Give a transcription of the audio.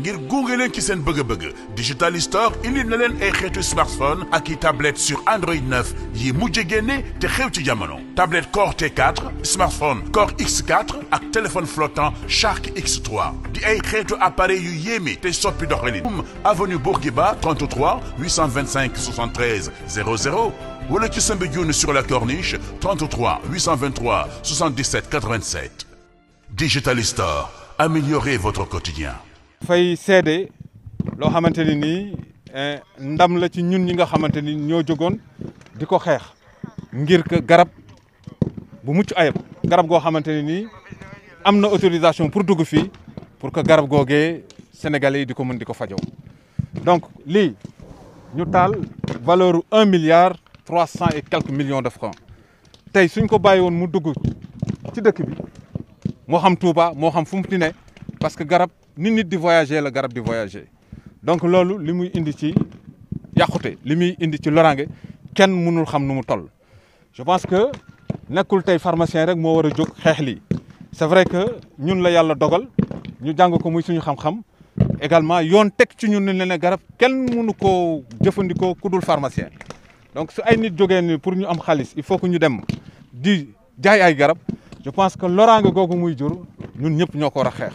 ngir gunge leen ci seen bëgg-bëgg digital store indi na leen ay xeetu smartphone ak i tablette sur Android 9 yi mujj génne te xew ci jamono tablette Core te 4 smartphone Core X4 ak téléphone flottant Shark X3 di ay xeetu appareil yu yéeme te soppi doxalin avenue Bourguiba 33 825 73 00 wala ci Soumbédioune sur la Corniche 33 823 77 87 Digital Store améliorez votre quotidien fay seede loo xamante ni nii eh, ndam la ci ñun ñi nga xamante ni ñoo jógoon di ko xeex ngir que garab bu mucc ayib garab goo xamante ni nii am na autorisation pour dugg fii pour que garab googee sénégalais yi di ko mën di ko fajoo donc li ñu taal valeur un milliard trois cent et quelques millions de francs tey suñ ko bàyyi woon mu dugg ci dëkk bi moo xam Touba moo xam fu ti ne parce que garab ni nit di voyager la garab di voyager donc loolu li muy indi ci yàqute li muy indi ci loraange kenn mënul xam nu mu toll. je pense que nekkul tey pharmacien rek moo war a jóg xeex lii c'est vrai que ñun la yàlla dogal ñu jàng ko muy suñu xam-xam également yoon teg ci ñun ne ne garab kenn mënu koo jëfandikoo ku dul pharmacien donc su ay nit jógee nii pour ñu am xaalis il faut que ñu dem di jaay ay garab je pense que loraange googu muy jur ñun ñëpp ñoo ko a xeex.